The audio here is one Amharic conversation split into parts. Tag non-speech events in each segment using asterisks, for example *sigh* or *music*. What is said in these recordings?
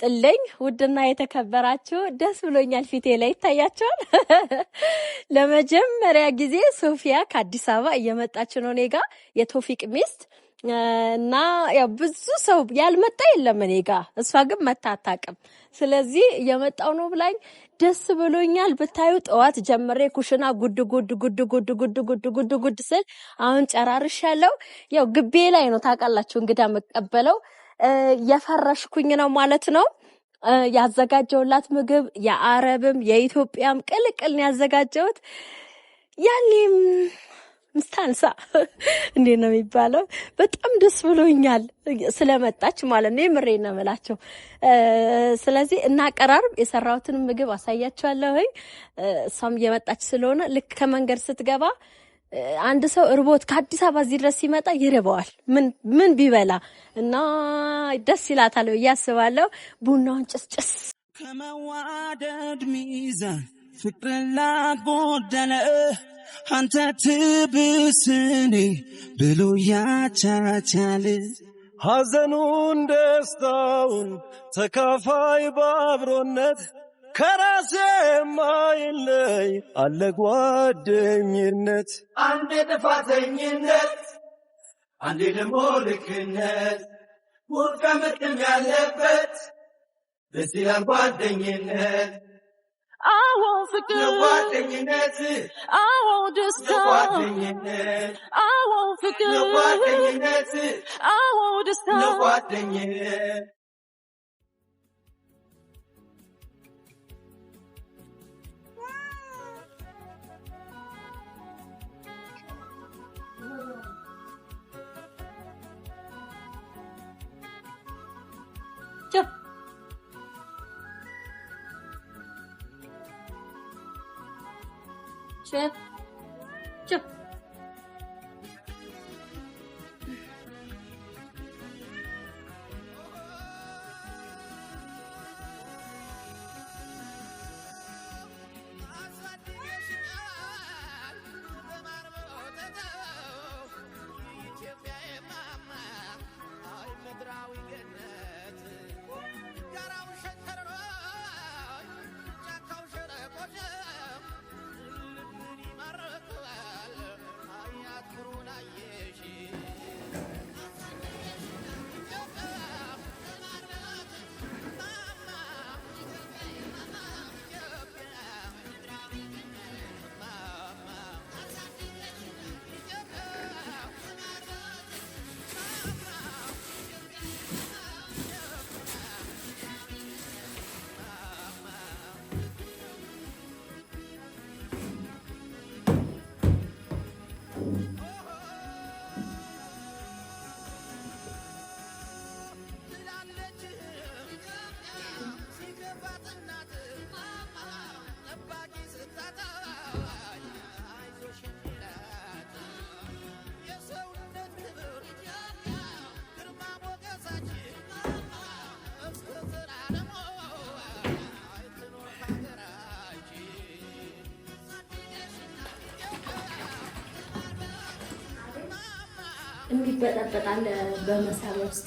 ጥለኝ ውድና የተከበራችሁ ደስ ብሎኛል። ፊቴ ላይ ይታያቸዋል። *laughs* ለመጀመሪያ ጊዜ ሶፊያ ከአዲስ አበባ እየመጣች ነው እኔ ጋ የቶፊቅ ሚስት እና ያው ብዙ ሰው ያልመጣ የለም እኔ ጋ። እሷ ግን መታ አታውቅም። ስለዚህ እየመጣው ነው ብላኝ ደስ ብሎኛል። ብታዩ ጠዋት ጀምሬ ኩሽና ጉድ ጉድ ጉድ ጉድ ጉድ ጉድ ጉድ ጉድ ስል አሁን ጨራርሻለሁ። ያው ግቤ ላይ ነው ታውቃላችሁ እንግዳ መቀበለው የፈረሽኩኝ ነው ማለት ነው። ያዘጋጀውላት ምግብ የአረብም የኢትዮጵያም ቅልቅል ነው ያዘጋጀውት። ያኔም ምስታንሳ *laughs* እንዴ ነው የሚባለው? በጣም ደስ ብሎኛል ስለመጣች ማለት ነው። የምሬ ነው የምላቸው። ስለዚህ እናቀራርብ፣ የሰራሁትን ምግብ አሳያቸዋለሁ። እሷም እየመጣች ስለሆነ ልክ ከመንገድ ስትገባ አንድ ሰው እርቦት ከአዲስ አበባ እዚህ ድረስ ሲመጣ ይርበዋል። ምን ቢበላ እና ደስ ይላታለሁ እያስባለሁ ቡናውን ጭስጭስ ከመዋደድ ሚዛን ፍቅርን ላጎደለ አንተ ትብስኔ ብሎ ያቻቻል ሐዘኑን ደስታውን ተካፋይ ባብሮነት ከራሴ ማይለይ አለ ጓደኝነት አንዴ ጥፋተኝነት አንዴ ደግሞ ልክነት ውድቀ ምጥም ያለበት ደስ ይላል ጓደኝነት። አዎ ፍቅር ጓደኝነት፣ አዎ ደስታ ጓደኝነት፣ አዎ ፍቅር ጓደኝነት፣ አዎ ደስታ ጓደኝነት して ሁሉ ይበጠበጣል በመሳቢያ ውስጥ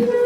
you. *laughs*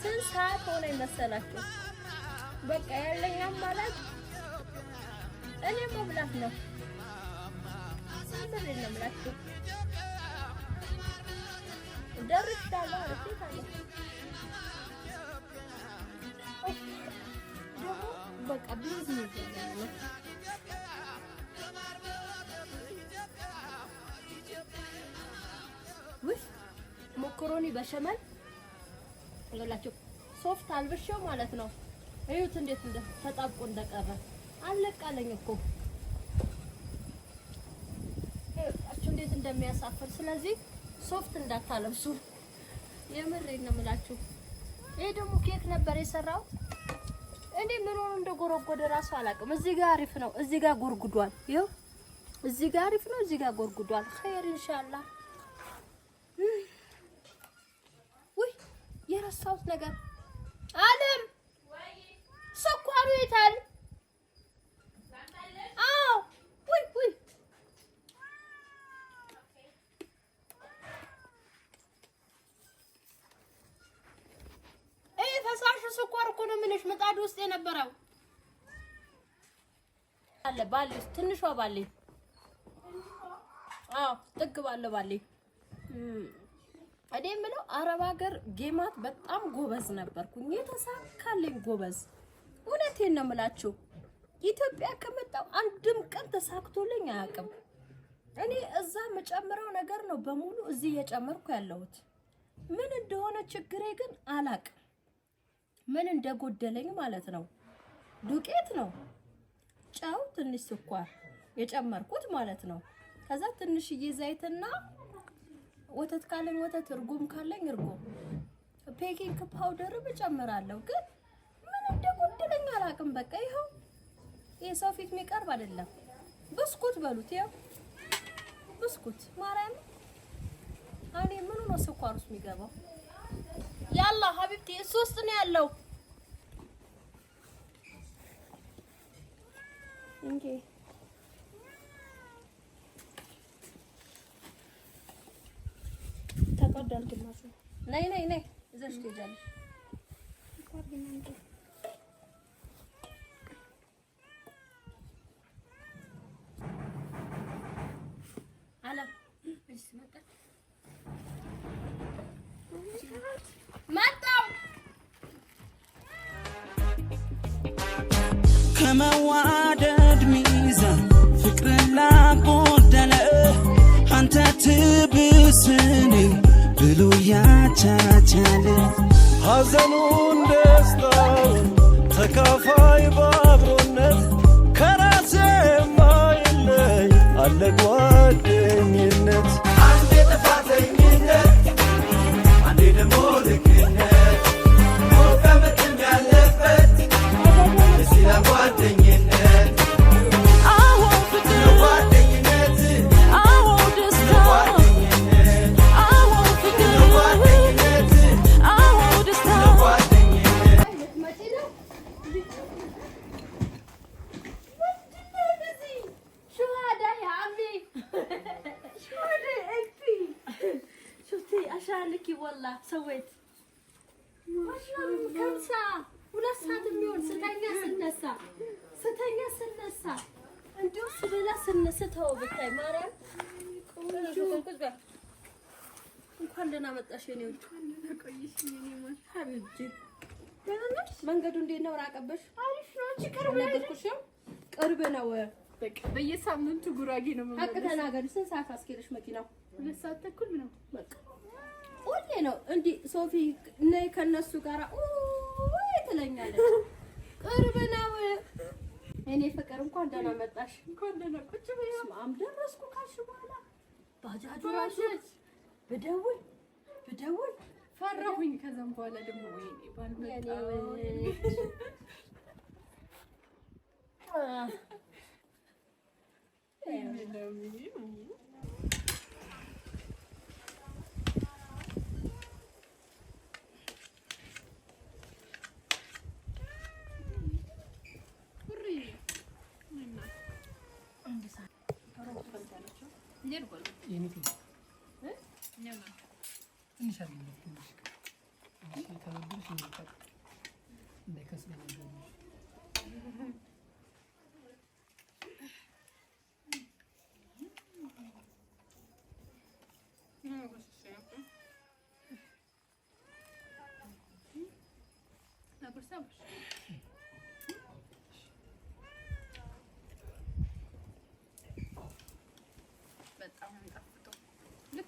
ስንት ሰዓት ሆነ መሰላችሁ? በቃ ያለኝ አማራጭ እኔ መብላት ነው። ምንድን ነው የምላችሁ? ደርሻለሁ በቃ ብዙ ነው ማካሮኒ በሸመን ይኸውላችሁ ሶፍት አልብሼው ማለት ነው። እዩት እንዴት እንደ ተጣብቆ እንደቀረ አለቃለኝ እኮ እዩት እንዴት እንደሚያሳፍር። ስለዚህ ሶፍት እንዳታለብሱ የምሬ ነው የምላችሁ። ይሄ ደግሞ ኬክ ነበር የሰራው እኔ ምን ሆኖ እንደጎረጎደ ራሱ አላውቅም። እዚህ ጋር አሪፍ ነው፣ እዚህ ጋር ጎርጉዷል። ይኸው እዚህ ጋር አሪፍ ነው፣ እዚህ ጋር ጎርጉዷል። ኸይር ኢንሻአላህ የረሳሁት ነገር አለም ስኳሩ ይታል። አዎ ውይ ውይ ፈሳሹ ስኳር ምጣድ ውስጥ የነበረው አለ ባሌ ትንሿ አዎ ጥግ ባለው ባሌ እኔ የምለው አረብ ሀገር ጌማት በጣም ጎበዝ ነበርኩኝ። የተሳካልኝ ጎበዝ፣ እውነቴን ነው የምላችሁ። ኢትዮጵያ ከመጣሁ አንድም ቀን ተሳክቶልኝ አያውቅም። እኔ እዛ የምጨምረው ነገር ነው በሙሉ እዚህ እየጨመርኩ ያለሁት። ምን እንደሆነ ችግሬ ግን አላቅም፣ ምን እንደጎደለኝ ማለት ነው። ዱቄት ነው፣ ጨው፣ ትንሽ ስኳር የጨመርኩት ማለት ነው። ከዛ ትንሽዬ ዘይትና ወተት ካለኝ ወተት፣ እርጎም ካለኝ እርጎ ፔኪንግ ፓውደርም እጨምራለሁ። ግን ምን እንደጎደለኝ አላውቅም። በቃ ይኸው ይሄ ፊት የሚቀርብ አይደለም። ብስኩት በሉት፣ ይኸው ብስኩት። ማርያም እኔ ምኑ ነው ስኳር ውስጥ የሚገባው? ያላ ሀቢብቲ እሱ ውስጥ ነው ያለው እንዴ? ነይ ነይ ነይ ይዘሽ ትሄጃለሽ። ከመዋደድ ሚዛን ፍቅር ላጎደለ አንተ ትብስኔ ቃሉ ያቻቻል ሐዘኑን ደስታውን ተካፋይ በአብሮነት ከራሴ የማይለይ አለ ጓደኛ እሻልኪ ወላ ሰዌት ከምሳ ስነሳ ስተኛ ስነሳ እንዲሁ እንኳን ደህና መጣሽ። መንገዱ እንዴት ነው? ራቀብሽ? አልነገርኩሽም? ቅርብ ነው። በየሳምንቱ ጉራጌ ነው። ሀቅ ተናገሪ። ስንት ሰዓት አስኬደሽ መኪናው? ሁለት ሰዓት ተኩል ነው በቃ ሁሌ ነው እንዲህ ሶፊ ነይ ከነሱ ጋር ወይ ትለኛለች። ቅርብ ነው እኔ ፍቅር እንኳን ደህና መጣሽ። እንኳን ደህና ቁጭ ብዬሽ አም ደረስኩ ካልሽ በኋላ ባጃጁ ራሱ ብደውል ብደውል ፈራሁኝ። ከዛም በኋላ ደግሞ ወይኔ ባልመጣ Yeni değil. Ne? Ne mi? Nişan gitmiş. Bir şey tanıdım şimdi bak. Bekas beni görmüş. Sabır sabır.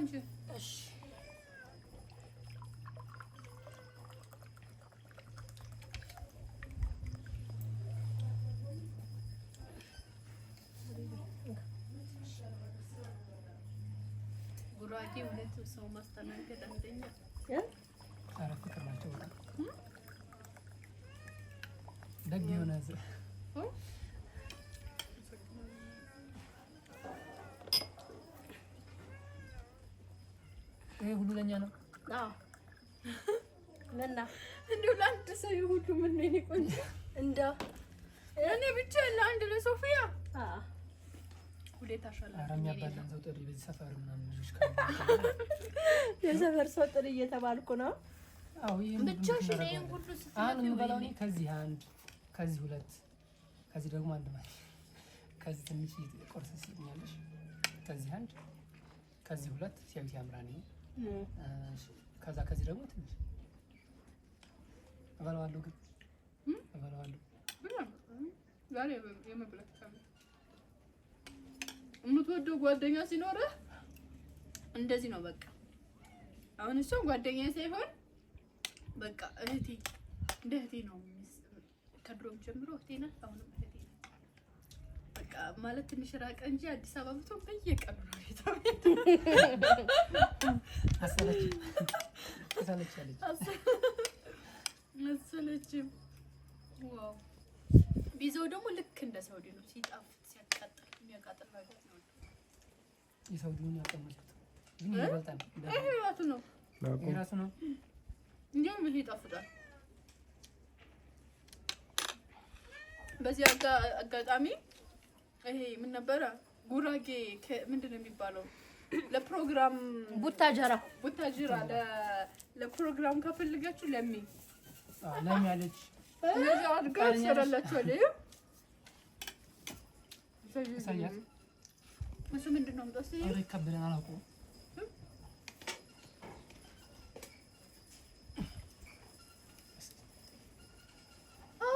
Сонджі. udah susah mas tanam ke Ya? aku termasuk. Hmm? ይሄ ሁሉ ለኛ ነው። አዎ *laughs* ለና እንደው ለአንድ ሰው ይሁሉ ምን ነው ቆንጆ እንደው እኔ ብቻ ለአንድ ለሶፊያ አዎ *laughs* የሰፈር ሰው ጥሪ እየተባልኩ ነው። አዎ ነው። ይሄን ሁሉ ነው? ከዚህ አንድ ከዚህ ሁለት ከዚህ ደግሞ አንድ ማለት ከዚህ ትንሽ ቆርሰስ ሲኛለሽ ከዚህ አንድ ከዚህ ሁለት ሲያዩት ነው። ከዛ ከዚህ ደግሞ ትንሽ እበላዋለሁ፣ ግን እበላዋለሁ። ዛሬ የመብላት የምትወደው ጓደኛ ሲኖርህ እንደዚህ ነው በቃ። አሁን እሷም ጓደኛ ሳይሆን በቃ እህቴ እንደ እህቴ ነው ከድሮም ጀምሮ እህቴ ናት አሁንም በቃ ማለት ትንሽ ራቀ እንጂ አዲስ አበባ ብትሆን በየቀኑ ነው ቤት አሰለችም። ቢዘው ደግሞ ልክ እንደ ሳውዲ ነው፣ ሲጣፍጥ ሲያቃጥል የሚያቃጥል ነገር ነው። የሳውዲውን ያቀመልኩት ግን ይበልጣል። ይሄ ራሱ ነው ራሱ ነው እንዲሁም ብዙ ይጣፍጣል። በዚህ አጋጣሚ ይሄ ምን ነበረ? ጉራጌ ምንድን ነው የሚባለው? ለፕሮግራም ቡታጀራ ቡታጀራ ለፕሮግራም ከፈልጋችሁ ለሚ ለሚ አለች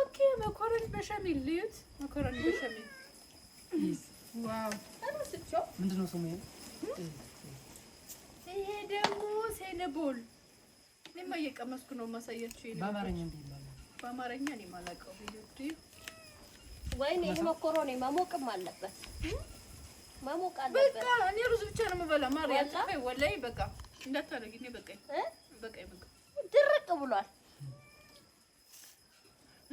ኦኬ መኮረኒ በሸሚል ልዩት መኮረኒ በሸሚል ምንድን ነው ስሙ? ይሄ ደግሞ ሴነቦል። እኔማ እየቀመስኩ ነው የማሳያችሁ። በአማርኛ በአማርኛ እኔ የማላውቀው ወይኔ። ይሄ መኮሮኔ መሞቅም አለበት መሞቅ አለበት። በቃ እኔ ሩዝ ብቻ ነው የምበላ። ማርያም ወላሂ በቃ እንዳታደርጊ። እኔ በቃኝ በቃኝ። በቃ ድርቅ ብሏል።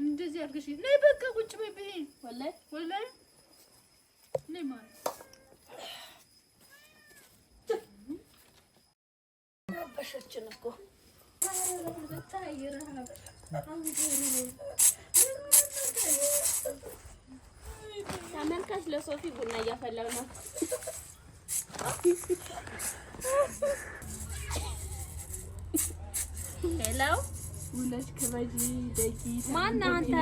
እንደዚህ አድርገሽ ነይ በቃ ቁጭ በይ። ወላሂ ወላሂ ረበሸችን ተመልካች ለሶፊ ቡና እያፈላሁ ነው። ሄሎ ማነህ አንተ?